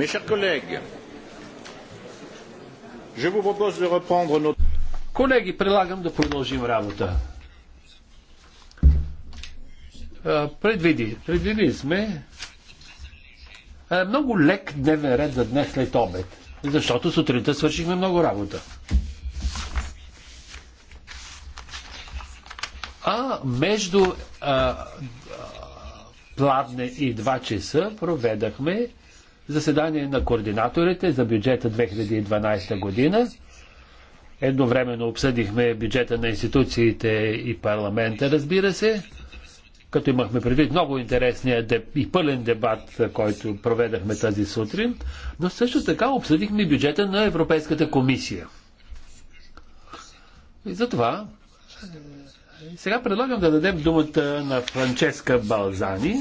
Mes chers collègues, je vous propose de reprendre notre... Колеги, предлагам да продължим работа. Предвиди, предвиди сме много лек дневен ред за днес след обед, защото сутринта свършихме много работа. А между а, а, пладне и 2 часа проведахме заседание на координаторите за бюджета 2012 година. Едновременно обсъдихме бюджета на институциите и парламента, разбира се, като имахме предвид много интересния и пълен дебат, който проведахме тази сутрин, но също така обсъдихме бюджета на Европейската комисия. И затова сега предлагам да дадем думата на Франческа Балзани,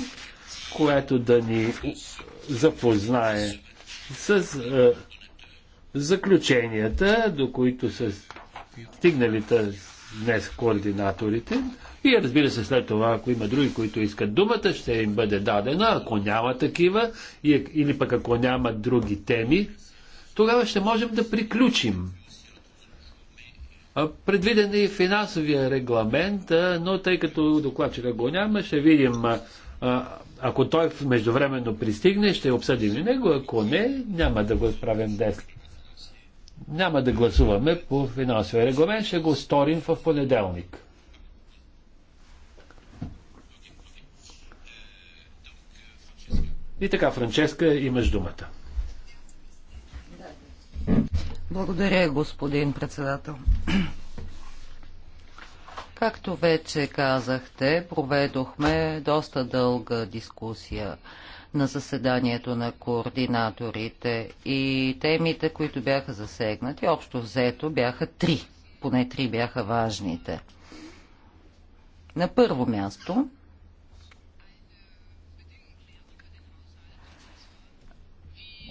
която да ни запознае с а, е, заключенията, до които са стигнали днес координаторите. И разбира се, след това, ако има други, които искат думата, ще им бъде дадена. Ако няма такива, или пък ако няма други теми, тогава ще можем да приключим. Предвиден е и финансовия регламент, но тъй като докладчика го няма, ще видим ако той междувременно пристигне, ще обсъдим и него. Ако не, няма да го справим днес. Няма да гласуваме по финансовия регламент, ще го сторим в понеделник. И така, Франческа, имаш думата. Благодаря, господин председател. Както вече казахте, проведохме доста дълга дискусия на заседанието на координаторите и темите, които бяха засегнати, общо взето бяха три. Поне три бяха важните. На първо място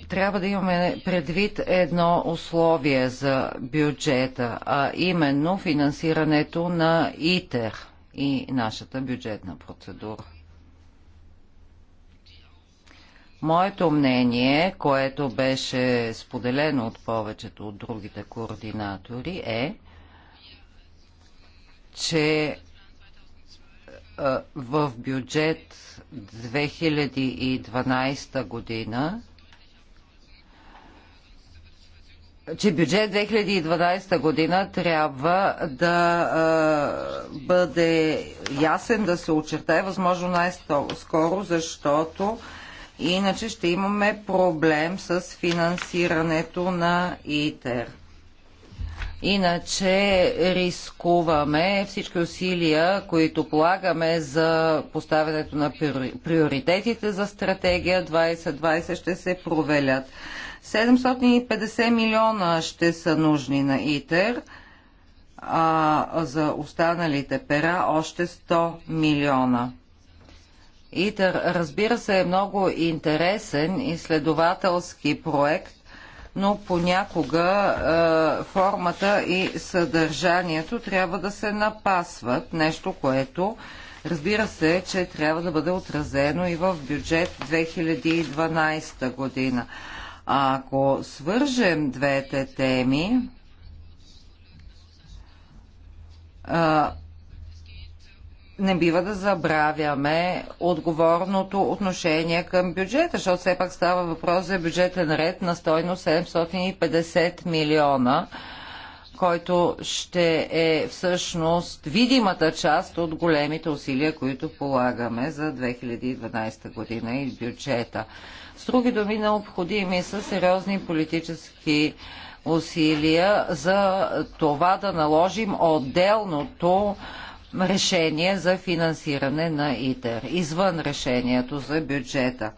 трябва да имаме предвид едно условие за бюджета, а именно финансирането на ИТЕР и нашата бюджетна процедура. Моето мнение, което беше споделено от повечето от другите координатори е, че в бюджет 2012 година че бюджет 2012 година трябва да а, бъде ясен, да се очертае възможно най-скоро, защото иначе ще имаме проблем с финансирането на ИТЕР. Иначе рискуваме всички усилия, които полагаме за поставянето на приоритетите за стратегия 2020 ще се провелят. 750 милиона ще са нужни на ИТЕР, а за останалите пера още 100 милиона. ИТЕР, разбира се, е много интересен изследователски проект, но понякога е, формата и съдържанието трябва да се напасват. Нещо, което разбира се, че трябва да бъде отразено и в бюджет 2012 година. Ако свържем двете теми, не бива да забравяме отговорното отношение към бюджета, защото все пак става въпрос за бюджетен ред на стойност 750 милиона, който ще е всъщност видимата част от големите усилия, които полагаме за 2012 година и бюджета. С други думи, необходими са сериозни политически усилия за това да наложим отделното решение за финансиране на ИТЕР, извън решението за бюджета.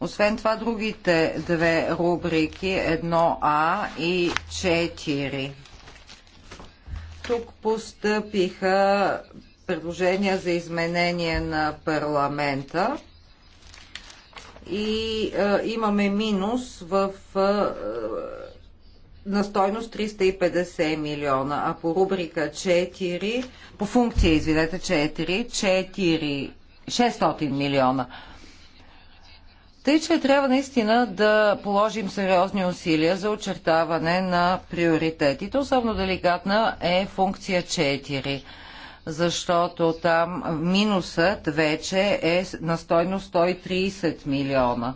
Освен това, другите две рубрики 1А и 4. Тук постъпиха предложения за изменение на парламента и а, имаме минус в а, на стойност 350 милиона, а по рубрика 4, по функция, извинете, 4, 4, 600 милиона. Тъй, че трябва наистина да положим сериозни усилия за очертаване на приоритетите. Особено деликатна е функция 4 защото там минусът вече е на стойност 130 милиона.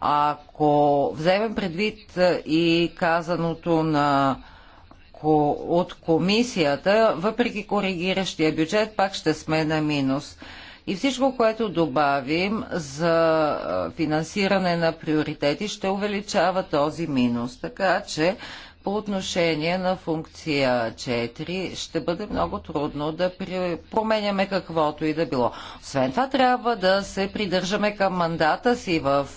Ако вземем предвид и казаното на от комисията, въпреки коригиращия бюджет, пак ще сме на минус. И всичко, което добавим за финансиране на приоритети, ще увеличава този минус. Така че по отношение на функция 4 ще бъде много трудно да променяме каквото и да било. Освен това трябва да се придържаме към мандата си в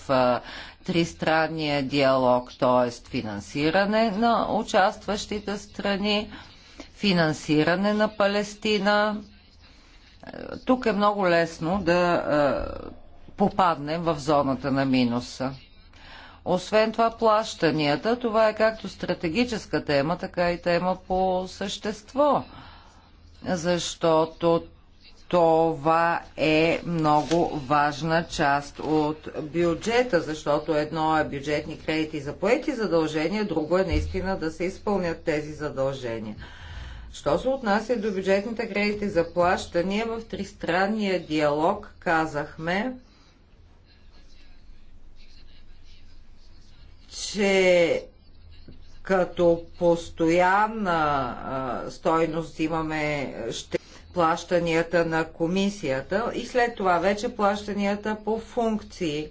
тристранния диалог, т.е. финансиране на участващите страни, финансиране на Палестина. Е, тук е много лесно да попаднем в зоната на минуса. Освен това, плащанията, това е както стратегическа тема, така и тема по същество, защото това е много важна част от бюджета, защото едно е бюджетни кредити за поети задължения, друго е наистина да се изпълнят тези задължения. Що се отнася до бюджетните кредити за плащания, в тристранния диалог казахме, че като постоянна а, стойност имаме ще плащанията на комисията и след това вече плащанията по функции.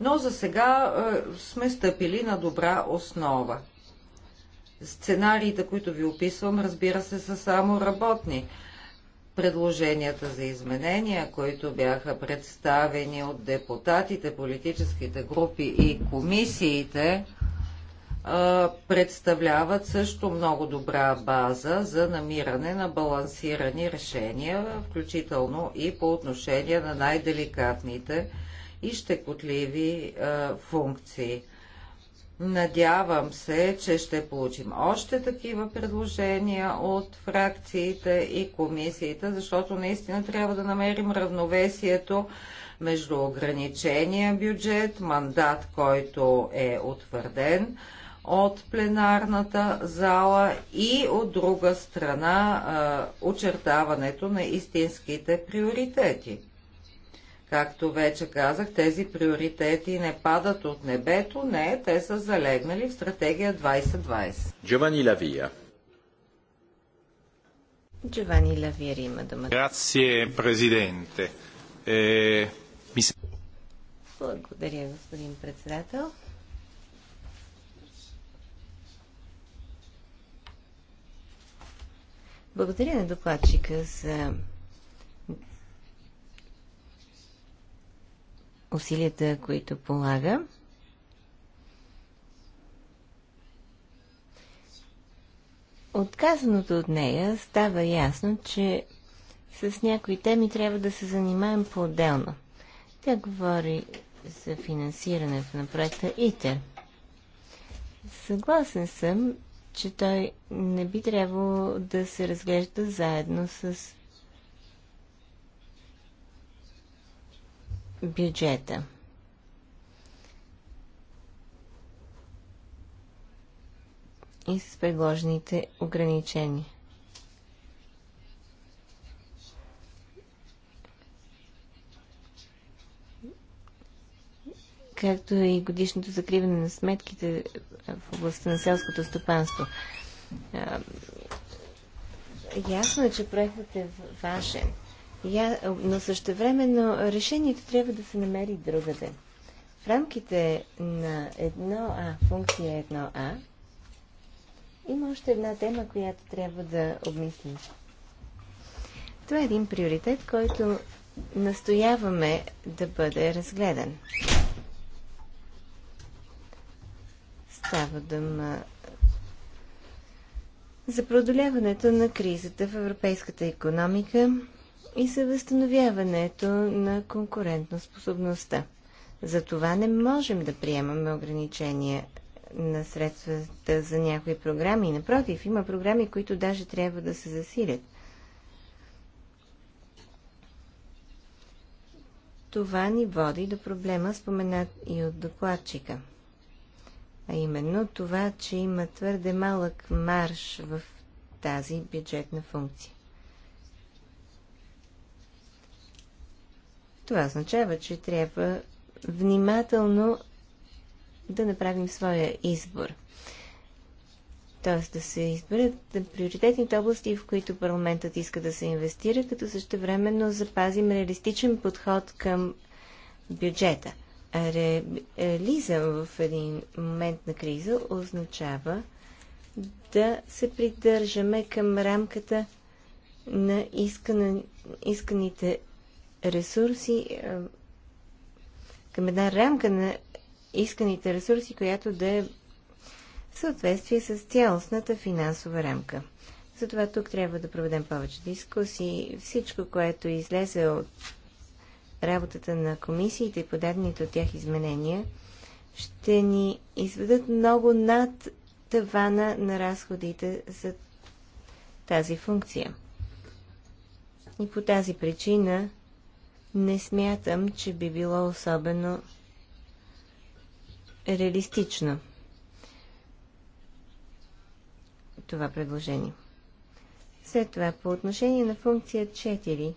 Но за сега сме стъпили на добра основа. Сценариите, които ви описвам, разбира се, са само работни предложенията за изменения, които бяха представени от депутатите, политическите групи и комисиите, представляват също много добра база за намиране на балансирани решения, включително и по отношение на най-деликатните и щекотливи функции. Надявам се, че ще получим още такива предложения от фракциите и комисиите, защото наистина трябва да намерим равновесието между ограничения бюджет, мандат, който е утвърден от пленарната зала и от друга страна очертаването на истинските приоритети. Както вече казах, тези приоритети не падат от небето, не, те са залегнали в стратегия 2020. Джовани Лавия. Джовани Лавия, има да ме... Грация, президенте. Е... Благодаря, господин председател. Благодаря на докладчика за усилията, които полага. Отказаното от нея става ясно, че с някои теми трябва да се занимаем по-отделно. Тя говори за финансирането на проекта ИТЕР. Съгласен съм, че той не би трябвало да се разглежда заедно с бюджета. И с предложените ограничения. както и годишното закриване на сметките в областта на селското стопанство. Ясно е, че проектът е важен. Я, но но решението трябва да се намери другаде. В рамките на едно а функция едно а има още една тема, която трябва да обмислим. Това е един приоритет, който настояваме да бъде разгледан. Става дума за продоляването на кризата в европейската економика, и за възстановяването на конкурентоспособността. За това не можем да приемаме ограничения на средствата за някои програми. Напротив, има програми, които даже трябва да се засилят. Това ни води до проблема, споменат и от докладчика. А именно това, че има твърде малък марш в тази бюджетна функция. Това означава, че трябва внимателно да направим своя избор. Тоест да се изберат приоритетните области, в които парламентът иска да се инвестира, като същевременно запазим реалистичен подход към бюджета. реализъм в един момент на криза означава да се придържаме към рамката на искане, исканите ресурси, е, към една рамка на исканите ресурси, която да е в съответствие с цялостната финансова рамка. Затова тук трябва да проведем повече дискусии. Всичко, което е излезе от работата на комисиите и подадените от тях изменения, ще ни изведат много над тавана на разходите за тази функция. И по тази причина не смятам, че би било особено реалистично това предложение. След това, по отношение на функция 4,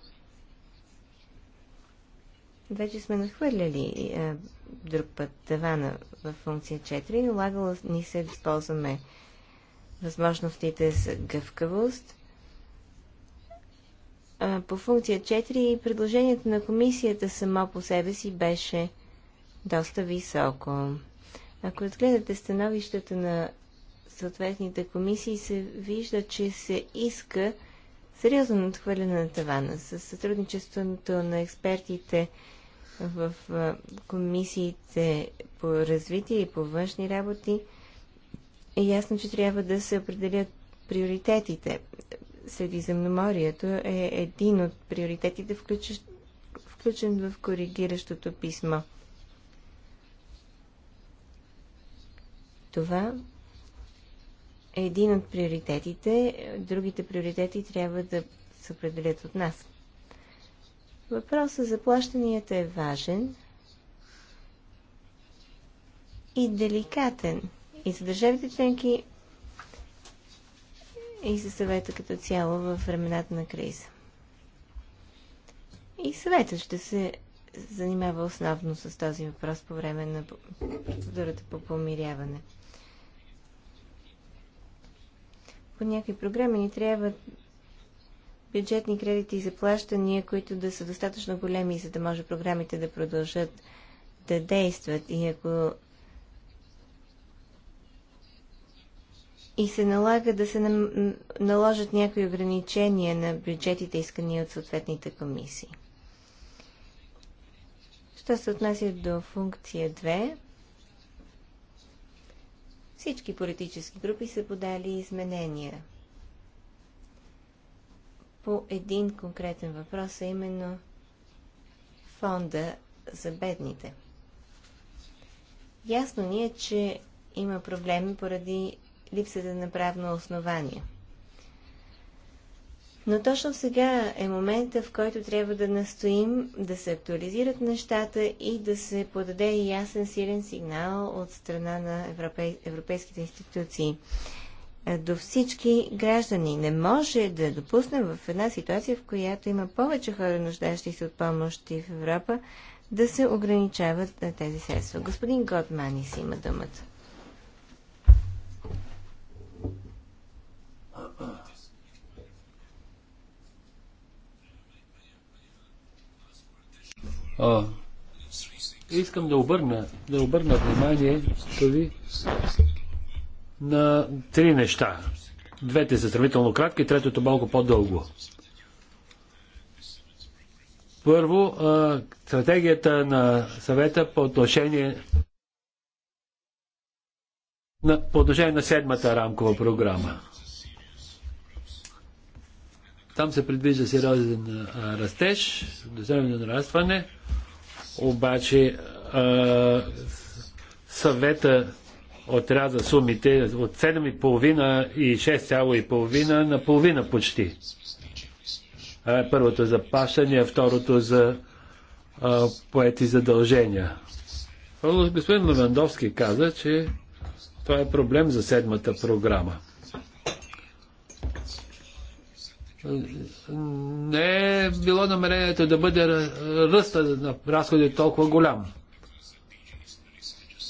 вече сме нахвърляли е, друг път тавана в функция 4 и налагало ни се да използваме възможностите за гъвкавост – по функция 4 предложението на комисията само по себе си беше доста високо. Ако отгледате становищата на съответните комисии, се вижда, че се иска сериозно надхвърляне на тавана. С сътрудничеството на експертите в комисиите по развитие и по външни работи е ясно, че трябва да се определят приоритетите. Средиземноморието е един от приоритетите, включен, в коригиращото писмо. Това е един от приоритетите. Другите приоритети трябва да се определят от нас. Въпросът за плащанията е важен и деликатен. И за държавите членки, и за съвета като цяло в времената на криза. И съветът ще се занимава основно с този въпрос по време на процедурата по помиряване. По някакви програми ни трябват бюджетни кредити и заплащания, които да са достатъчно големи, за да може програмите да продължат да действат. И ако и се налага да се наложат някои ограничения на бюджетите, искани от съответните комисии. Що се отнася до функция 2, всички политически групи са подали изменения по един конкретен въпрос, а именно фонда за бедните. Ясно ни е, че има проблеми поради липсата на правно основание. Но точно сега е момента, в който трябва да настоим да се актуализират нещата и да се подаде ясен, силен сигнал от страна на европей... европейските институции е, до всички граждани. Не може да допуснем в една ситуация, в която има повече хора, нуждащи се от помощи в Европа, да се ограничават на е, тези средства. Господин Готмани си има думата. А, искам да обърна, да обърна внимание ви на три неща. Двете са сравнително кратки, третото малко по-дълго. Първо, а, стратегията на съвета по отношение на, по отношение на седмата рамкова програма. Там се предвижда сериозен растеж, сериозно нарастване, обаче а, съвета отряза сумите от 7,5 и 6,5 на половина почти. А, първото за плащане, второто за а, поети задължения. Господин Левандовски каза, че това е проблем за седмата програма. не е било намерението да бъде ръста на разходи толкова голям.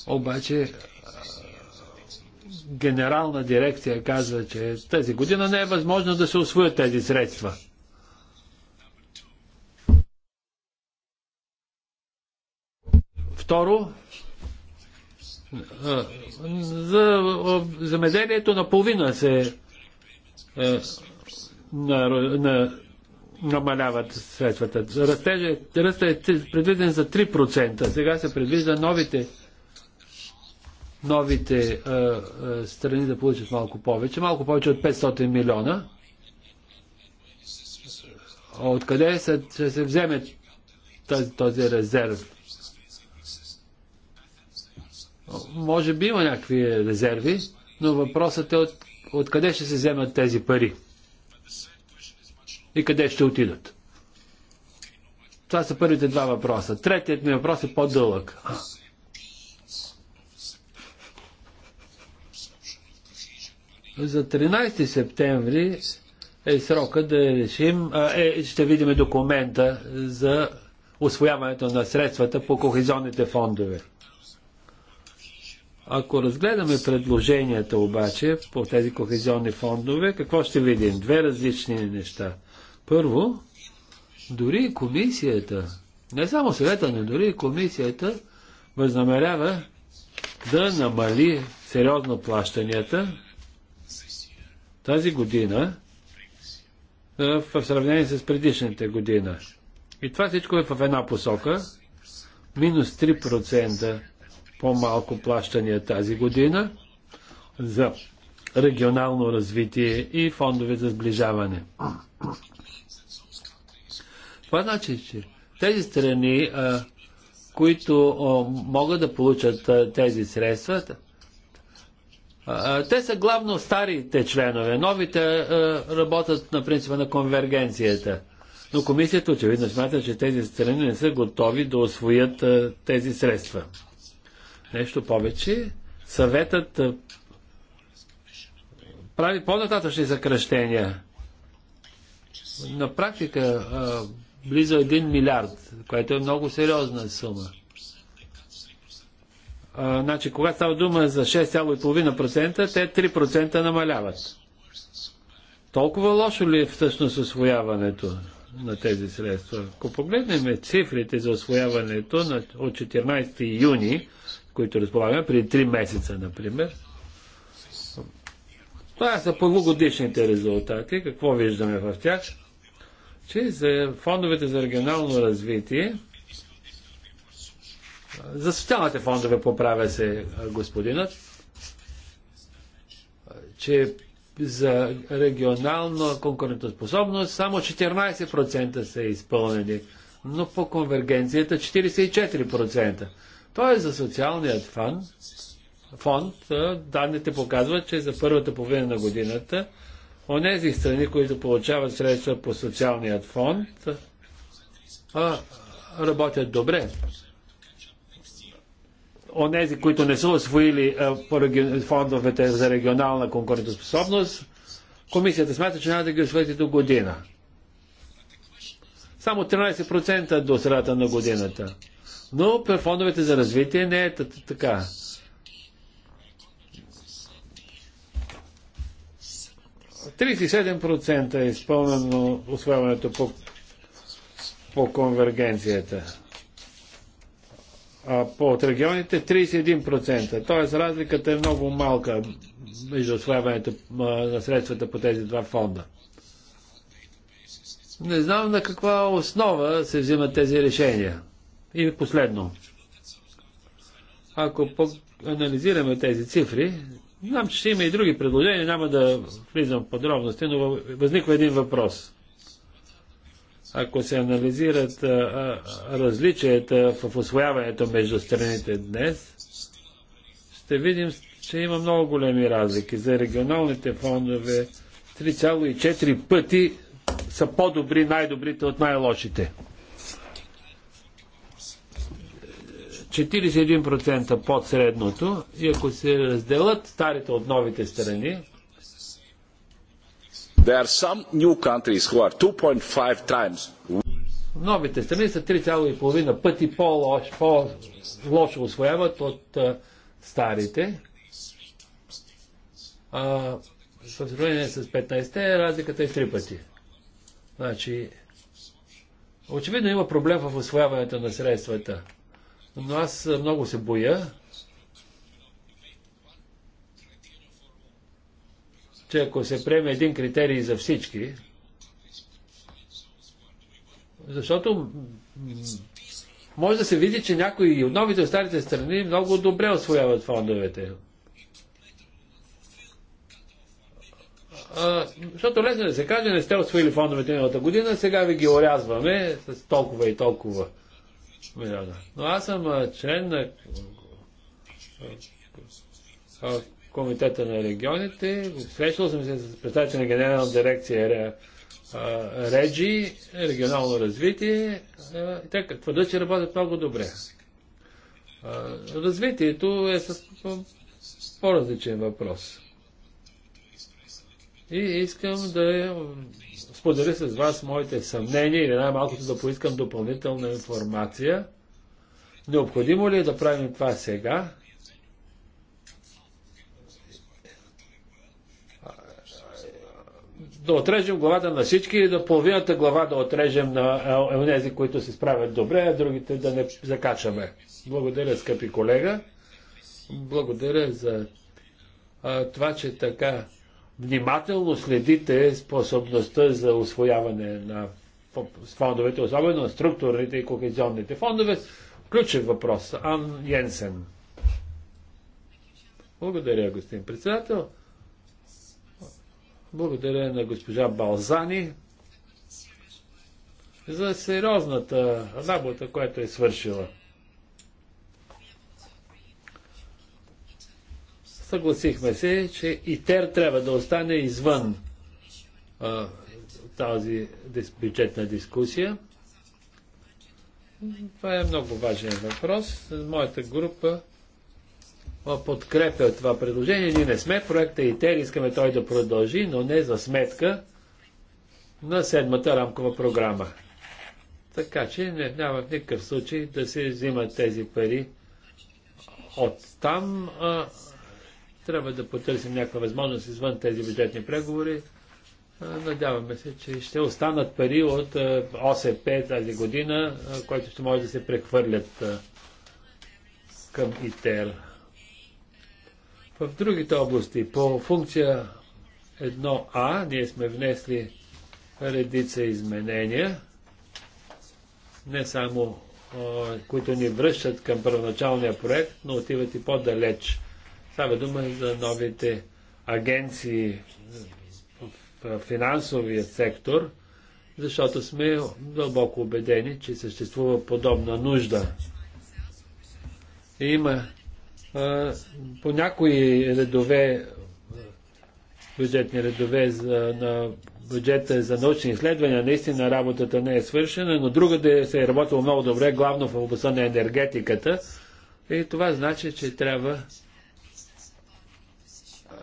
Обаче генерална дирекция казва, че тази година не е възможно да се освоят тези средства. Второ, за земеделието наполовина се на, на, намаляват средствата. Ръстът е предвиден за 3%. Сега се предвижда новите новите а, а, страни да получат малко повече, малко повече от 500 милиона. Откъде се, ще се вземе този, този резерв? Може би има някакви резерви, но въпросът е от, откъде ще се вземат тези пари и къде ще отидат? Това са първите два въпроса. Третият ми въпрос е по-дълъг. За 13 септември е срока да решим, е, ще видим документа за освояването на средствата по кохезионните фондове. Ако разгледаме предложенията обаче по тези кохезионни фондове, какво ще видим? Две различни неща – първо, дори комисията, не само съвета, но дори комисията възнамерява да намали сериозно плащанията тази година в сравнение с предишната година. И това всичко е в една посока. Минус 3% по-малко плащания тази година за регионално развитие и фондове за сближаване. Това значи, че тези страни, а, които а, могат да получат а, тези средства, а, те са главно старите членове. Новите а, работят на принципа на конвергенцията. Но комисията очевидно смята, че тези страни не са готови да освоят а, тези средства. Нещо повече, съветът а, прави по-нататъчни съкръщения. На практика а, близо 1 милиард, което е много сериозна сума. А, значи, когато става дума за 6,5%, те 3% намаляват. Толкова лошо ли е всъщност освояването на тези средства? Ако погледнем цифрите за освояването на, от 14 юни, които разполагаме, при 3 месеца, например, това са полугодишните резултати. Какво виждаме в тях? че за фондовете за регионално развитие, за социалните фондове поправя се господинът, че за регионална конкурентоспособност само 14% са изпълнени, но по конвергенцията 44%. Тоест за социалният фонд, фонд данните показват, че за първата половина на годината онези страни, които получават средства по социалният фонд, а, работят добре. Онези, които не са освоили а, по реги... фондовете за регионална конкурентоспособност, комисията смята, че няма да ги освоите до година. Само 13% до средата на годината. Но при фондовете за развитие не е така. 37% е изпълнено освояването по, по конвергенцията. А по от регионите 31%. Т.е. разликата е много малка между освояването на средствата по тези два фонда. Не знам на каква основа се взимат тези решения. И последно. Ако анализираме тези цифри, Знам, че ще има и други предложения, няма да влизам в подробности, но възниква един въпрос. Ако се анализират а, различията в освояването между страните днес, ще видим, че има много големи разлики. За регионалните фондове 3,4 пъти са по-добри най-добрите от най-лошите. 41% под средното и ако се разделят старите от новите страни, There are some new countries who are 2.5 times Новите страни са 3,5 пъти по-лошо, по освояват от uh, старите. А, в сравнение с 15-те разликата е 3 пъти. Значи, очевидно има проблем в освояването на средствата. Но аз много се боя, че ако се приеме един критерий за всички, защото може да се види, че някои от новите старите страни много добре освояват фондовете. А, защото лесно да се каже, не сте освоили фондовете миналата година, сега ви ги орязваме с толкова и толкова милиона. Но аз съм член на Комитета на регионите. Срещал съм се с представител на Генерална дирекция Реджи, регионално развитие. и Те твърдят, че работят много добре. Развитието е с по-различен въпрос. И искам да споделя с вас моите съмнения или най-малкото да поискам допълнителна информация. Необходимо ли е да правим това сега? Да отрежем главата на всички и да половината глава да отрежем на тези, е, е, които се справят добре, а другите да не закачаме. Благодаря, скъпи колега. Благодаря за а, това, че така внимателно следите способността за освояване на фондовете, особено на структурните и кохезионните фондове, Ключен въпрос. Ан Йенсен. Благодаря, господин председател. Благодаря на госпожа Балзани за сериозната работа, която е свършила. съгласихме се, че ИТЕР трябва да остане извън а, тази бюджетна дискусия. Това е много важен въпрос. Моята група подкрепя това предложение. Ние не сме проекта ИТЕР, искаме той да продължи, но не за сметка на седмата рамкова програма. Така че не, няма в никакъв случай да се взимат тези пари от там, а, трябва да потърсим някаква възможност извън тези бюджетни преговори. Надяваме се, че ще останат пари от ОСП тази година, които ще може да се прехвърлят към ИТЕР. В другите области, по функция 1А, ние сме внесли редица изменения, не само които ни връщат към първоначалния проект, но отиват и по-далеч Става дума за новите агенции в финансовия сектор, защото сме дълбоко убедени, че съществува подобна нужда. И има а, по някои редове, бюджетни редове за, на бюджета за научни изследвания, наистина работата не е свършена, но другаде се е работило много добре, главно в областта на енергетиката. И това значи, че трябва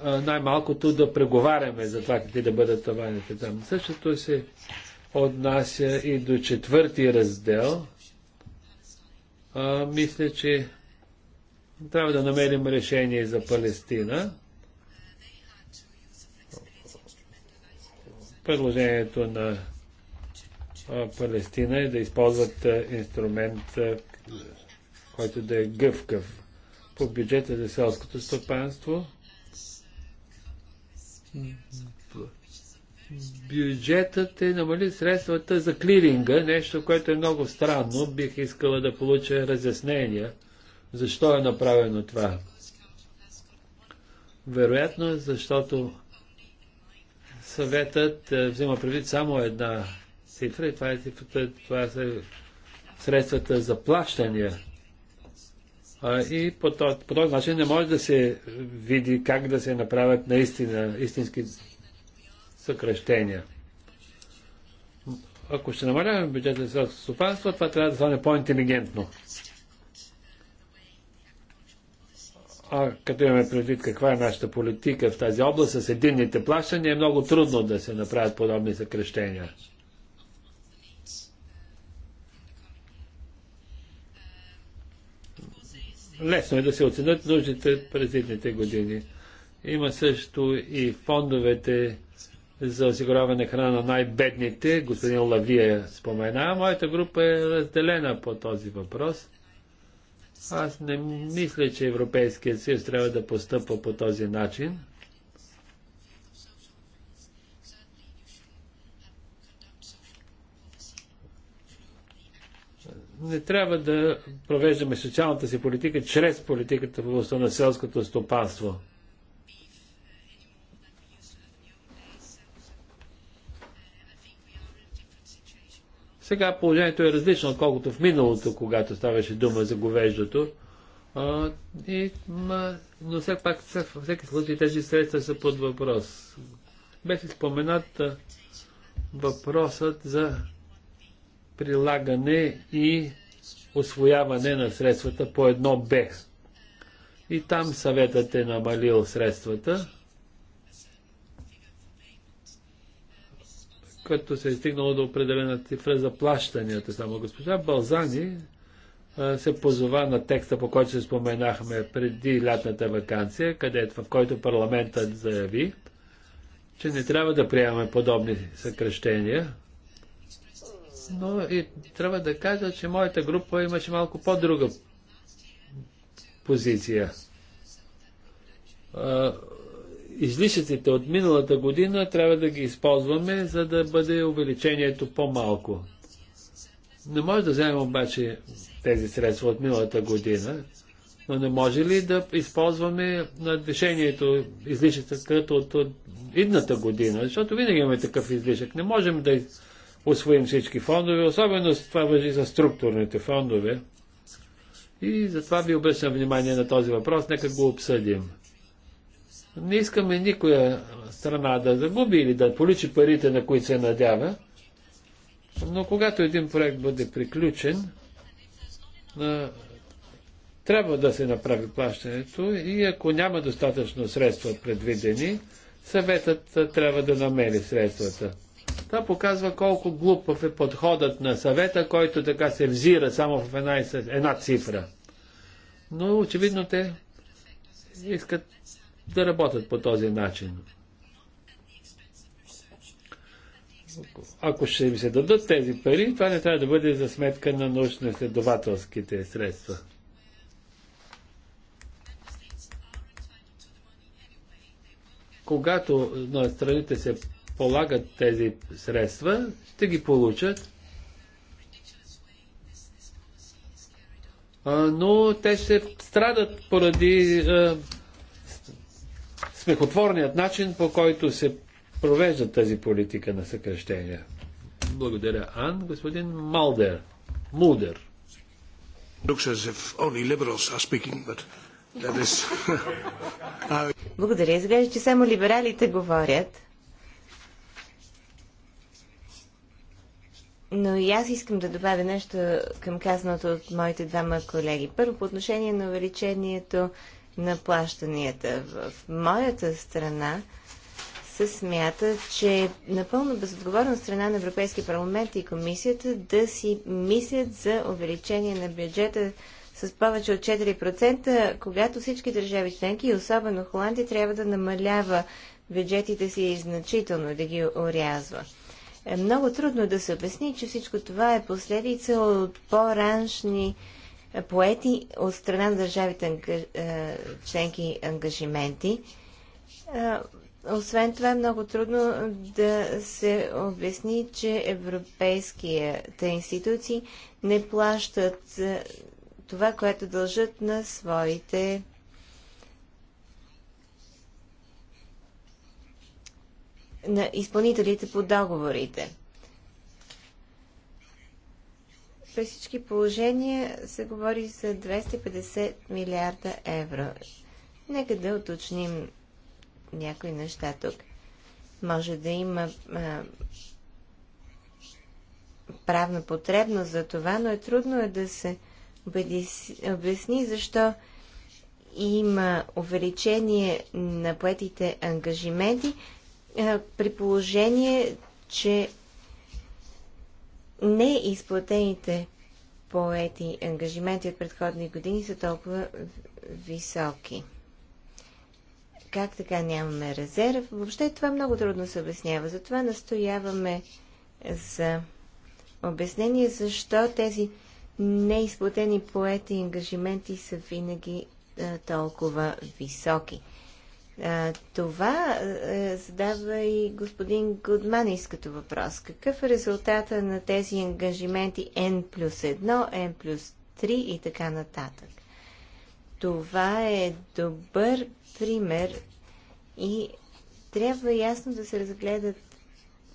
най-малкото да преговаряме за това какви да бъдат таваните там. Същото се отнася и до четвърти раздел. А, мисля, че трябва да намерим решение за Палестина. Предложението на Палестина е да използват инструмент, който да е гъвкав по бюджета за селското стопанство бюджетът е намали средствата за клиринга, нещо, което е много странно. Бих искала да получа разяснение, защо е направено това. Вероятно, защото съветът е, взима предвид само една цифра и това е, цифрата, това е средствата за плащания. И по този, по този начин не може да се види как да се направят наистина истински съкръщения. Ако ще намаляваме бюджета за стопанство, това трябва да стане по-интелигентно. А като имаме предвид каква е нашата политика в тази област с единните плащания, е много трудно да се направят подобни съкрещения. лесно е да се оценят нуждите през едните години. Има също и фондовете за осигуряване храна на най-бедните. Господин Лавия спомена. Моята група е разделена по този въпрос. Аз не мисля, че Европейският съюз трябва да постъпва по този начин. не трябва да провеждаме социалната си политика чрез политиката в областта на селското стопанство. Сега положението е различно, отколкото в миналото, когато ставаше дума за говеждото. но все пак, във всеки случай, тези средства са под въпрос. Беше споменат въпросът за прилагане и освояване на средствата по едно Б. И там съветът е намалил средствата, като се е стигнало до определена цифра за плащанията. Само госпожа Балзани се позова на текста, по който се споменахме преди лятната вакансия, където, в който парламентът заяви, че не трябва да приемаме подобни съкрещения но и трябва да кажа, че моята група имаше малко по-друга позиция. Излишъците от миналата година трябва да ги използваме, за да бъде увеличението по-малко. Не може да вземем обаче тези средства от миналата година, но не може ли да използваме надвишението, излишъцът като от, от идната година, защото винаги имаме такъв излишък. Не можем да освоим всички фондове, особено това въжи за структурните фондове. И затова ви обръщам внимание на този въпрос, нека го обсъдим. Не искаме никоя страна да загуби или да получи парите, на които се надява, но когато един проект бъде приключен, трябва да се направи плащането и ако няма достатъчно средства предвидени, съветът трябва да намери средствата. Това показва колко глупав е подходът на съвета, който така се взира само в една, една цифра. Но очевидно те искат да работят по този начин. Ако ще им се дадат тези пари, това не трябва да бъде за сметка на научно-изследователските средства. Когато на страните се полагат тези средства, ще ги получат. Но те ще страдат поради смехотворният начин, по който се провежда тази политика на съкръщения. Благодаря, Ан. Господин Малдер. Мулдер. Благодаря. Изглежда, че само либералите говорят. Но и аз искам да добавя нещо към казаното от моите двама колеги. Първо, по отношение на увеличението на плащанията. В моята страна се смята, че е напълно безотговорна страна на Европейския парламент и комисията да си мислят за увеличение на бюджета с повече от 4%, когато всички държави членки, и особено Холандия, трябва да намалява бюджетите си значително, да ги орязва е много трудно да се обясни, че всичко това е последица от по-раншни е, поети от страна на държавите е, членки ангажименти. Е, освен това е много трудно да се обясни, че европейските институции не плащат това, което дължат на своите на изпълнителите по договорите. При всички положения се говори за 250 милиарда евро. Нека да уточним някои неща тук. Може да има а, правна потребност за това, но е трудно е да се обясни защо има увеличение на поетите ангажименти, е, при положение, че неизплатените поети ангажименти от предходни години са толкова високи. Как така нямаме резерв? Въобще това много трудно се обяснява. Затова настояваме за обяснение защо тези неизплатени поети ангажименти са винаги е, толкова високи. А, това а, задава и господин Гудманис като въпрос. Какъв е резултата на тези ангажименти N плюс 1, N плюс 3 и така нататък? Това е добър пример и трябва ясно да се разгледат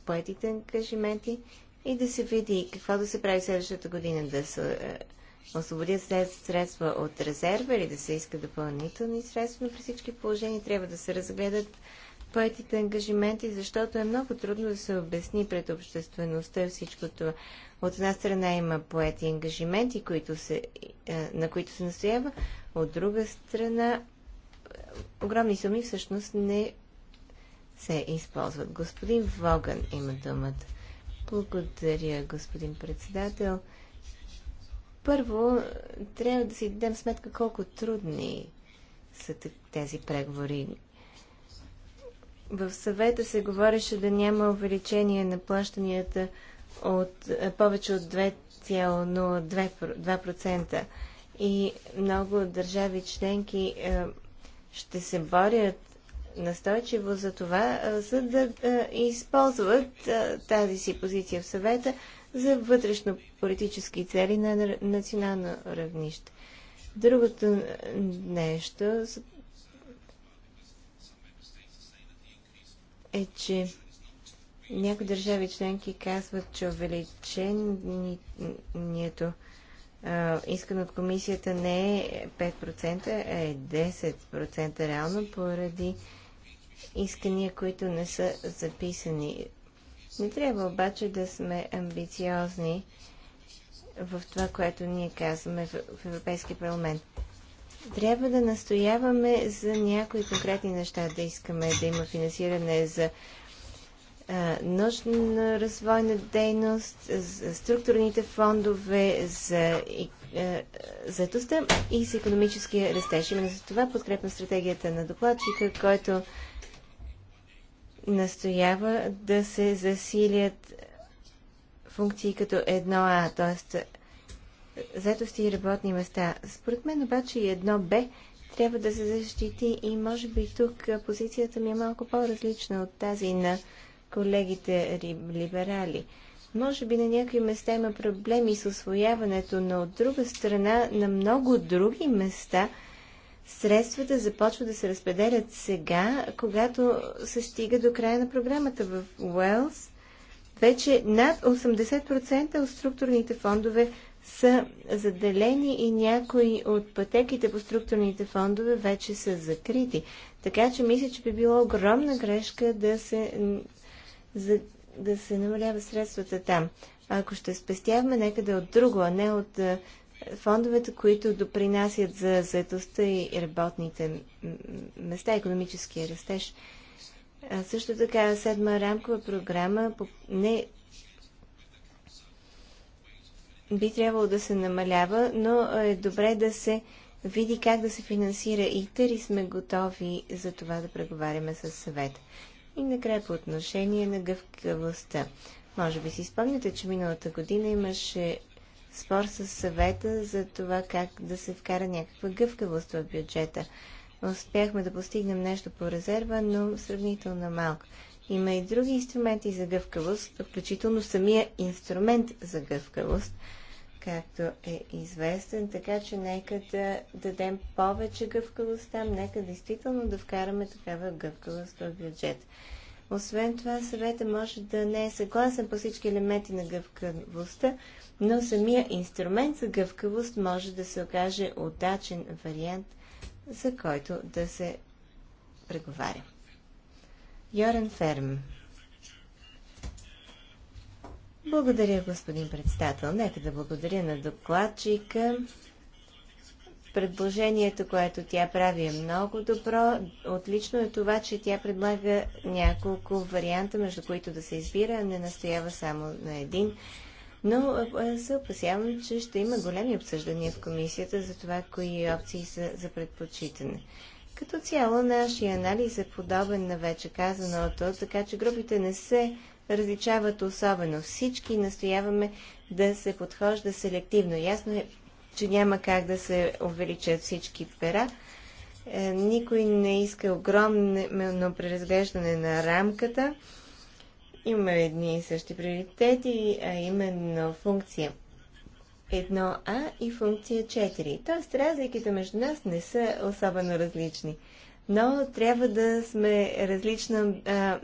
поетите ангажименти и да се види какво да се прави следващата година, да се освободят средства от резерва или да се искат допълнителни средства, но при всички положения трябва да се разгледат поетите ангажименти, защото е много трудно да се обясни пред обществеността всичко това. От една страна има поети ангажименти, които се, е, на които се настоява, от друга страна огромни суми всъщност не се използват. Господин Воган има думата. Благодаря, господин председател. Първо, трябва да си дадем сметка колко трудни са тези преговори. В съвета се говореше да няма увеличение на плащанията от е, повече от 2,02%. И много държави членки е, ще се борят настойчиво за това, е, за да използват тази си позиция в съвета за вътрешно-политически цели на национално равнище. Другото нещо е, че някои държави членки казват, че увеличението искано от комисията не е 5%, а е 10% реално поради искания, които не са записани не трябва обаче да сме амбициозни в това, което ние казваме в Европейския парламент. Трябва да настояваме за някои конкретни неща, да искаме да има финансиране за нощна развойна дейност, за структурните фондове, за заетостта и за економическия растеж. Именно за това подкрепям стратегията на докладчика, който настоява да се засилят функции като едно а т.е. заетости и работни места. Според мен обаче и едно б трябва да се защити и може би тук е, позицията ми е малко по-различна от тази на колегите либерали. Може би на някои места има проблеми с освояването, но от друга страна на много други места – средствата започват да се разпределят сега, когато се стига до края на програмата в Уелс. Вече над 80% от структурните фондове са заделени и някои от пътеките по структурните фондове вече са закрити. Така че мисля, че би било огромна грешка да се, за, да се намалява средствата там. Ако ще спестяваме, нека да е от друго, а не от фондовете, които допринасят за заедостта и работните места, економическия растеж. А също така седма рамкова програма по... не би трябвало да се намалява, но е добре да се види как да се финансира и търи сме готови за това да преговаряме с съвета. И накрая по отношение на гъвкавостта. Може би си спомняте, че миналата година имаше спор с съвета за това как да се вкара някаква гъвкавост в бюджета. Успяхме да постигнем нещо по резерва, но сравнително малко. Има и други инструменти за гъвкавост, включително самия инструмент за гъвкавост, както е известен, така че нека да дадем повече гъвкавост там, нека действително да вкараме такава гъвкавост в бюджет. Освен това, съвета може да не е съгласен по всички елементи на гъвкавостта, но самия инструмент за гъвкавост може да се окаже удачен вариант, за който да се преговаря. Йорен Ферм Благодаря, господин председател. Нека да благодаря на докладчика. Предложението, което тя прави е много добро. Отлично е това, че тя предлага няколко варианта, между които да се избира, а не настоява само на един. Но се опасявам, че ще има големи обсъждания в комисията за това, кои опции са за предпочитане. Като цяло, нашия анализ е подобен на вече казаното, така че групите не се различават особено. Всички настояваме да се подхожда селективно. Ясно е, че няма как да се увеличат всички пера. Е, никой не иска огромно преразглеждане на рамката. Има едни и същи приоритети, а именно функция 1А и функция 4. Тоест разликите между нас не са особено различни. Но трябва да сме различна. А, а,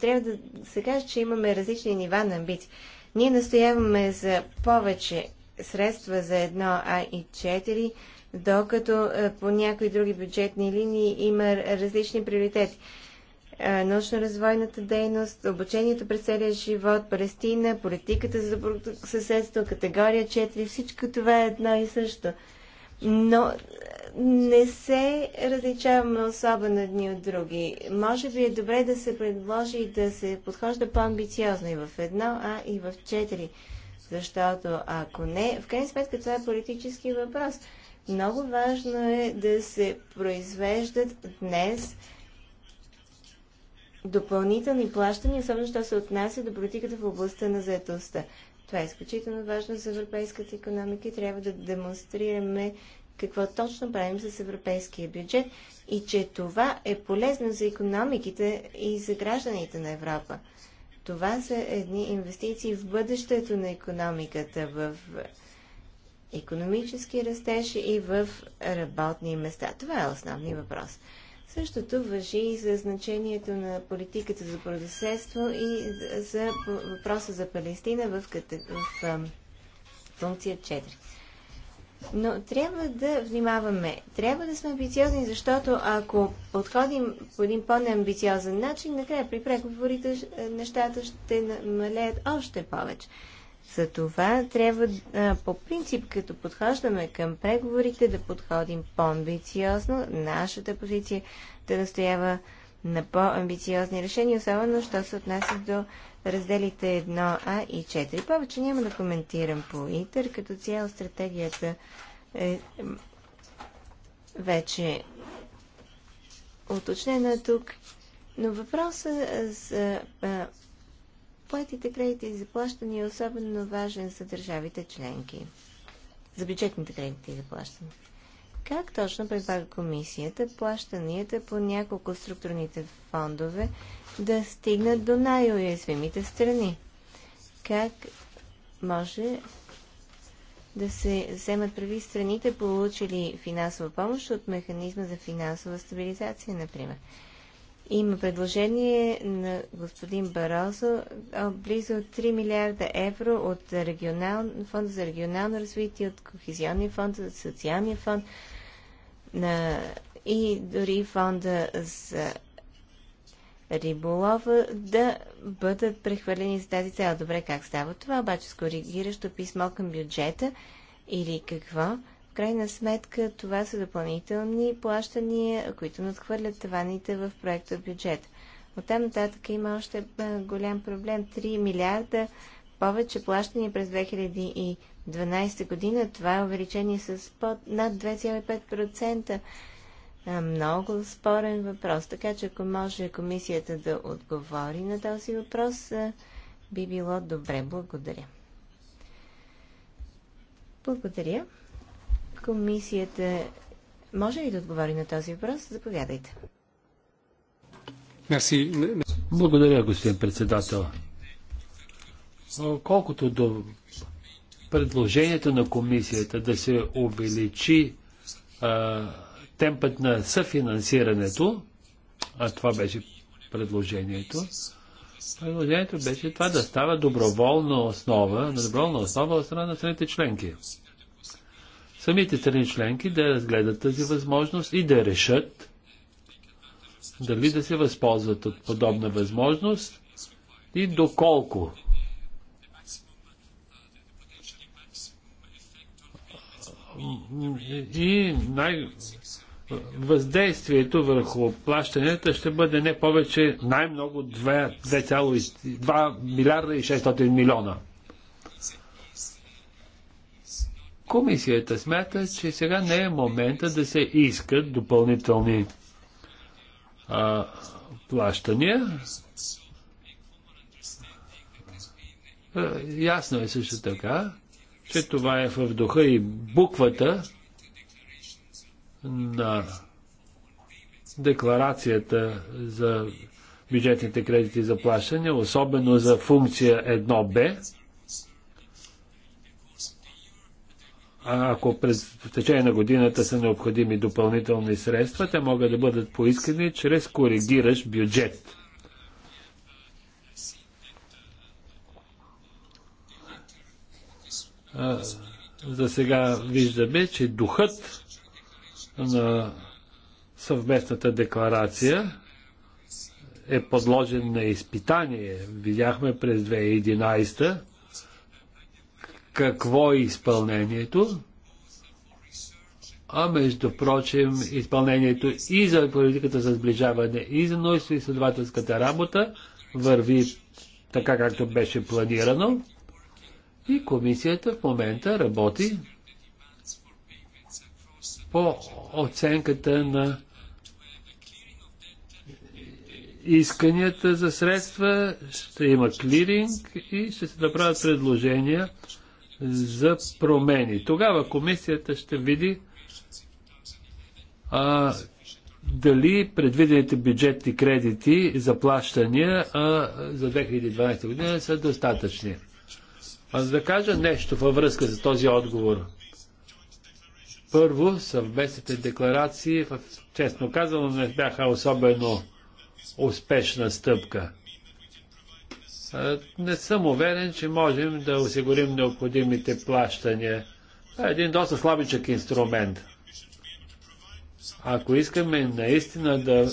трябва да се каже, че имаме различни нива на амбиции. Ние настояваме за повече средства за едно а и 4, докато е, по някои други бюджетни линии има различни приоритети. Е, научно-развойната дейност, обучението през целия живот, Палестина, политиката за съседство, категория 4, всичко това е едно и също. Но е, не се различаваме особено едни от други. Може би е добре да се предложи и да се подхожда по-амбициозно и в едно, а и в четири. Защото ако не, в крайна сметка това е политически въпрос. Много важно е да се произвеждат днес допълнителни плащания, особено що се отнася до политиката в областта на заетостта. Това е изключително важно за европейската економика и трябва да демонстрираме какво точно правим с европейския бюджет и че това е полезно за економиките и за гражданите на Европа. Това са едни инвестиции в бъдещето на економиката, в економически растеж и в работни места. Това е основният въпрос. Същото въжи и за значението на политиката за продоседство и за въпроса за Палестина в, в, в, в функция 4. Но трябва да внимаваме. Трябва да сме амбициозни, защото ако подходим по един по-неамбициозен начин, накрая при преговорите е, нещата ще намалеят още повече. За това трябва по принцип, като подхождаме към преговорите, да подходим по-амбициозно. Нашата позиция е да настоява на по-амбициозни решения, особено що се отнася до разделите 1А и 4. Повече няма да коментирам по ИТЕР. Като цяло стратегията е вече уточнена тук. Но въпросът за поетите кредити и заплащания е особено важен за държавите членки. За бюджетните кредити и заплащане. Как точно предлага комисията плащанията по няколко структурните фондове да стигнат до най-уязвимите страни? Как може да се вземат прави страните, получили финансова помощ от механизма за финансова стабилизация, например? Има предложение на господин Барозо близо 3 милиарда евро от регионал, фонд за регионално развитие, от Кохезионния фонд, от Социалния фонд, на, и дори фонда за риболова да бъдат прехвърлени за тази цел. Добре, как става това? Обаче с коригиращо писмо към бюджета или какво? В крайна сметка това са допълнителни плащания, които надхвърлят таваните в проекта бюджет. От там нататък има още голям проблем. 3 милиарда повече плащани през 2012 година. Това е увеличение с под, над 2,5%. Много спорен въпрос. Така че ако може комисията да отговори на този въпрос, би било добре. Благодаря. Благодаря. Комисията може ли да отговори на този въпрос? Заповядайте. Благодаря, господин председател. Колкото до предложението на комисията да се увеличи а, темпът на съфинансирането, а това беше предложението, предложението беше това да става доброволна основа, на доброволна основа от страна на страните членки. Самите страни членки да разгледат тази възможност и да решат дали да се възползват от подобна възможност и доколко и най- въздействието върху плащанията ще бъде не повече най-много 2,2 милиарда и 600 милиона. Комисията смята, че сега не е момента да се искат допълнителни а, плащания. А, е, ясно е също така, че това е в духа и буквата на декларацията за бюджетните кредити за плащане, особено за функция 1Б. А ако през в течение на годината са необходими допълнителни средства, те могат да бъдат поискани чрез коригиращ бюджет. за сега виждаме, че духът на съвместната декларация е подложен на изпитание. Видяхме през 2011 какво е изпълнението, а между прочим изпълнението и за политиката за сближаване, и за и следователската работа върви така както беше планирано. И комисията в момента работи по оценката на исканията за средства, ще има клиринг и ще се направят предложения за промени. Тогава комисията ще види а, дали предвидените бюджетни кредити за плащания а, за 2012 година са достатъчни да кажа нещо във връзка с този отговор. Първо, съвместните декларации, честно казано, не бяха особено успешна стъпка. Не съм уверен, че можем да осигурим необходимите плащания. Това е един доста слабичък инструмент. Ако искаме наистина да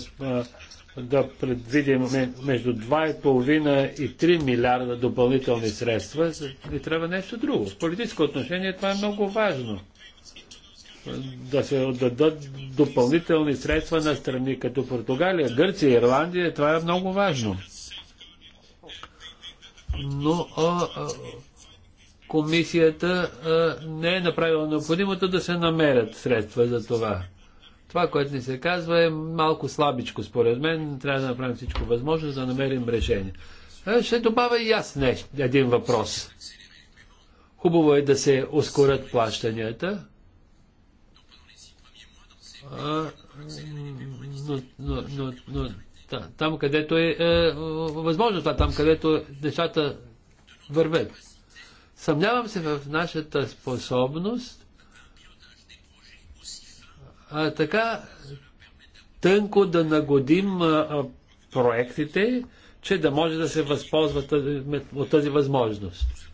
да предвидим между 2,5 и 3 милиарда допълнителни средства, ни трябва нещо друго. В политическо отношение това е много важно. Да се отдадат допълнителни средства на страни като Португалия, Гърция, Ирландия, това е много важно. Но а, а, комисията а, не е направила необходимото да се намерят средства за това. Това, което ни се казва е малко слабичко според мен. Трябва да направим всичко възможно, да намерим решение. Ще добавя и аз не, един въпрос. Хубаво е да се ускорят плащанията. А, но, но, но, но да, там, където е, е възможно това, там, където нещата вървят. Съмнявам се в нашата способност а, така тънко да нагодим а, проектите, че да може да се възползва от тази възможност.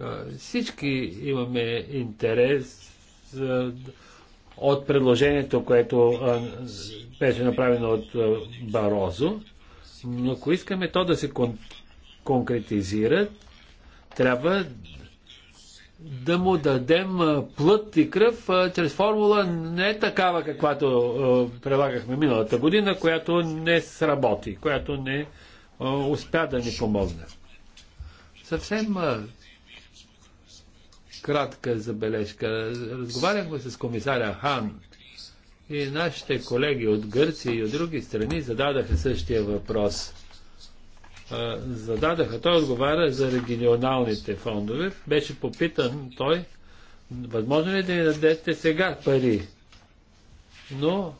А, всички имаме интерес а, от предложението, което а, беше направено от а, Барозо, но ако искаме то да се кон- конкретизира, трябва да му дадем плът и кръв чрез формула не е такава, каквато прилагахме миналата година, която не сработи, която не успя да ни помогне. Съвсем кратка забележка. Разговаряхме с комисаря Хан и нашите колеги от Гърция и от други страни зададаха същия въпрос – зададаха. Той отговаря за регионалните фондове. Беше попитан той, възможно ли да ни дадете сега пари? Но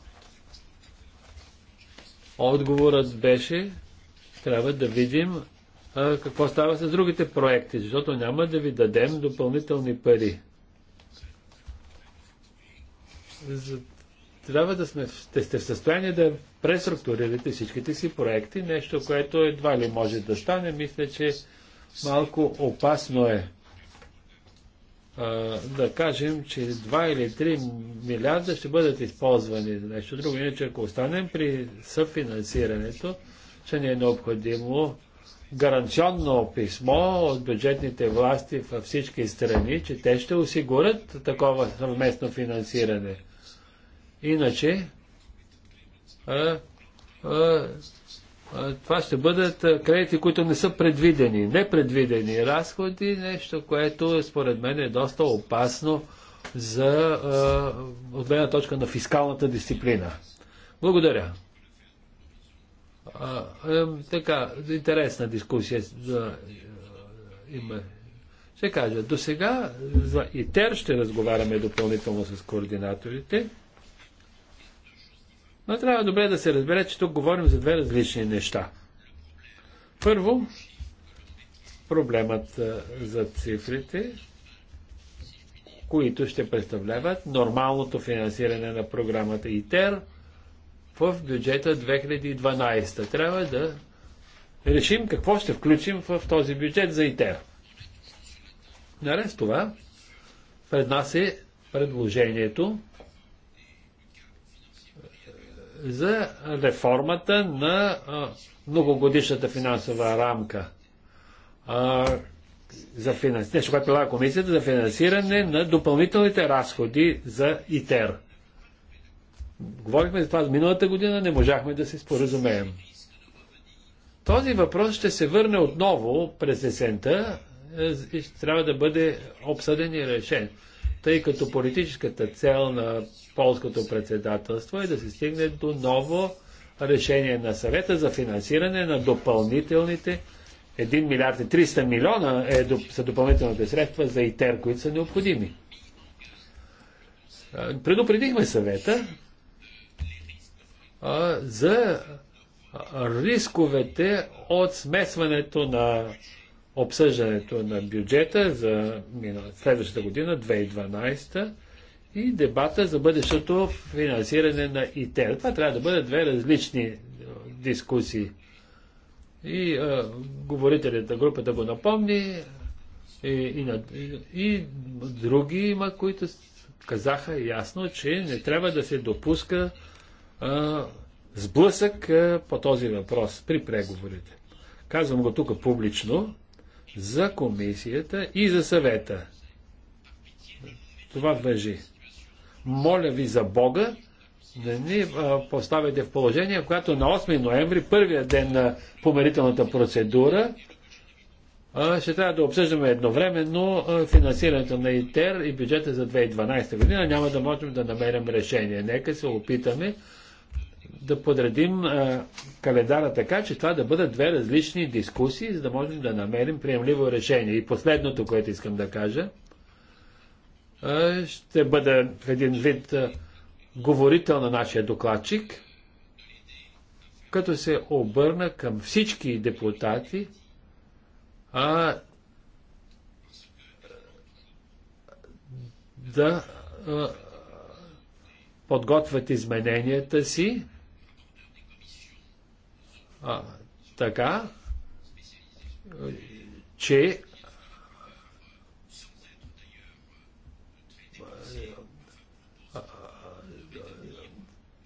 отговорът беше, трябва да видим а, какво става с другите проекти, защото няма да ви дадем допълнителни пари. За трябва да сме, да сте в състояние да преструктурирате всичките си проекти, нещо, което едва ли може да стане. Мисля, че малко опасно е а, да кажем, че 2 или 3 милиарда ще бъдат използвани за нещо друго. Иначе, ако останем при съфинансирането, ще ни е необходимо гаранционно писмо от бюджетните власти във всички страни, че те ще осигурят такова съвместно финансиране. Иначе а, а, а, това ще бъдат кредити, които не са предвидени, непредвидени разходи, нещо, което според мен е доста опасно за от точка на фискалната дисциплина. Благодаря. А, е, така, интересна дискусия за, е, има. Ще кажа, до сега за ИТЕР ще разговаряме допълнително с координаторите. Но трябва добре да се разбере, че тук говорим за две различни неща. Първо, проблемът за цифрите, които ще представляват нормалното финансиране на програмата ИТЕР в бюджета 2012. Трябва да решим какво ще включим в този бюджет за ИТЕР. Наред с това, пред нас е предложението за реформата на многогодишната финансова рамка за финансиране, нещо, което предлага комисията за финансиране на допълнителните разходи за ИТЕР. Говорихме за това миналата година, не можахме да се споразумеем. Този въпрос ще се върне отново през есента е, и ще трябва да бъде обсъден и решен тъй като политическата цел на полското председателство е да се стигне до ново решение на съвета за финансиране на допълнителните 1 милиард и 300 милиона е, са допълнителните средства за ИТЕР, които са необходими. Предупредихме съвета а, за рисковете от смесването на обсъждането на бюджета за следващата година, 2012, и дебата за бъдещото финансиране на ИТЕР. Това трябва да бъдат две различни е, дискусии. И а, е, говорителят на групата го напомни, и, е, и, на, и, и други има, които казаха ясно, че не трябва да се допуска а, сблъсък а, по този въпрос при преговорите. Казвам го тук публично, за комисията и за съвета. Това въжи. Моля ви за Бога да ни поставите в положение, когато на 8 ноември, първия ден на помирителната процедура, ще трябва да обсъждаме едновременно финансирането на ИТЕР и бюджета за 2012 година. Няма да можем да намерим решение. Нека се опитаме да подредим а, календара така, че това да бъдат две различни дискусии, за да можем да намерим приемливо решение. И последното, което искам да кажа, а, ще бъде един вид а, говорител на нашия докладчик, като се обърна към всички депутати, а да а, подготвят измененията си а, така, че е,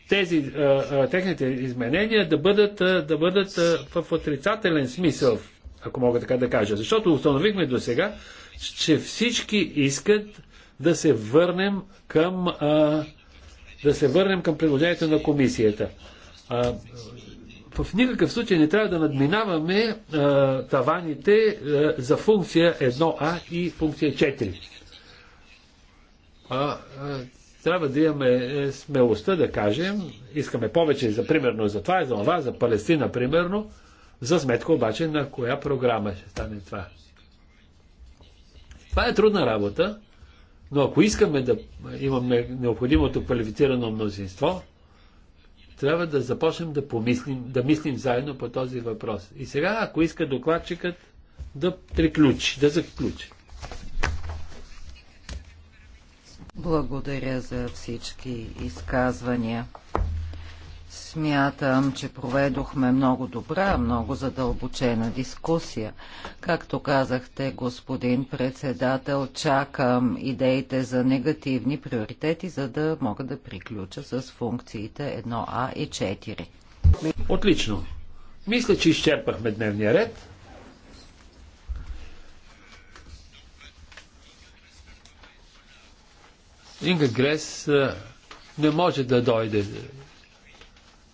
тези, е, е, техните изменения да бъдат, да бъдат в отрицателен смисъл, ако мога така да кажа. Защото установихме до сега, че всички искат да се върнем към да се върнем към предложението на комисията в никакъв случай не трябва да надминаваме а, таваните а, за функция 1А и функция 4. А, а, трябва да имаме е, смелостта да кажем, искаме повече за примерно за това и за това, за Палестина примерно, за сметка обаче на коя програма ще стане това. Това е трудна работа, но ако искаме да имаме необходимото квалифицирано мнозинство, трябва да започнем да помислим, да мислим заедно по този въпрос. И сега, ако иска докладчикът да приключи, да заключи. Благодаря за всички изказвания. Смятам, че проведохме много добра, много задълбочена дискусия. Както казахте, господин председател, чакам идеите за негативни приоритети, за да мога да приключа с функциите 1А и 4. Отлично. Мисля, че изчерпахме дневния ред. Инга Грес не може да дойде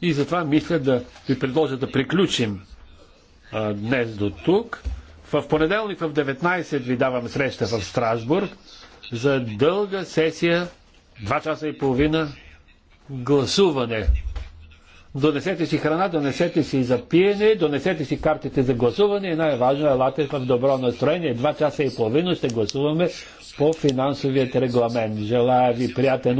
и затова мисля да ви предложа да приключим а, днес до тук. В понеделник в 19 ви давам среща в Страсбург за дълга сесия, 2 часа и половина, гласуване. Донесете си храна, донесете си за пиене, донесете си картите за гласуване и най-важно е лате в добро настроение. Два часа и половина ще гласуваме по финансовият регламент. Желая ви приятен